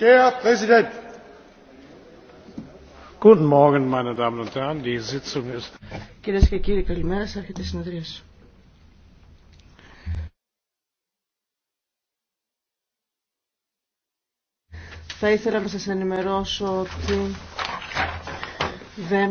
Κύριε Präsident. και κύριοι, καλημέρα. Άρχεται η Θα ήθελα να σας ενημερώσω ότι δεν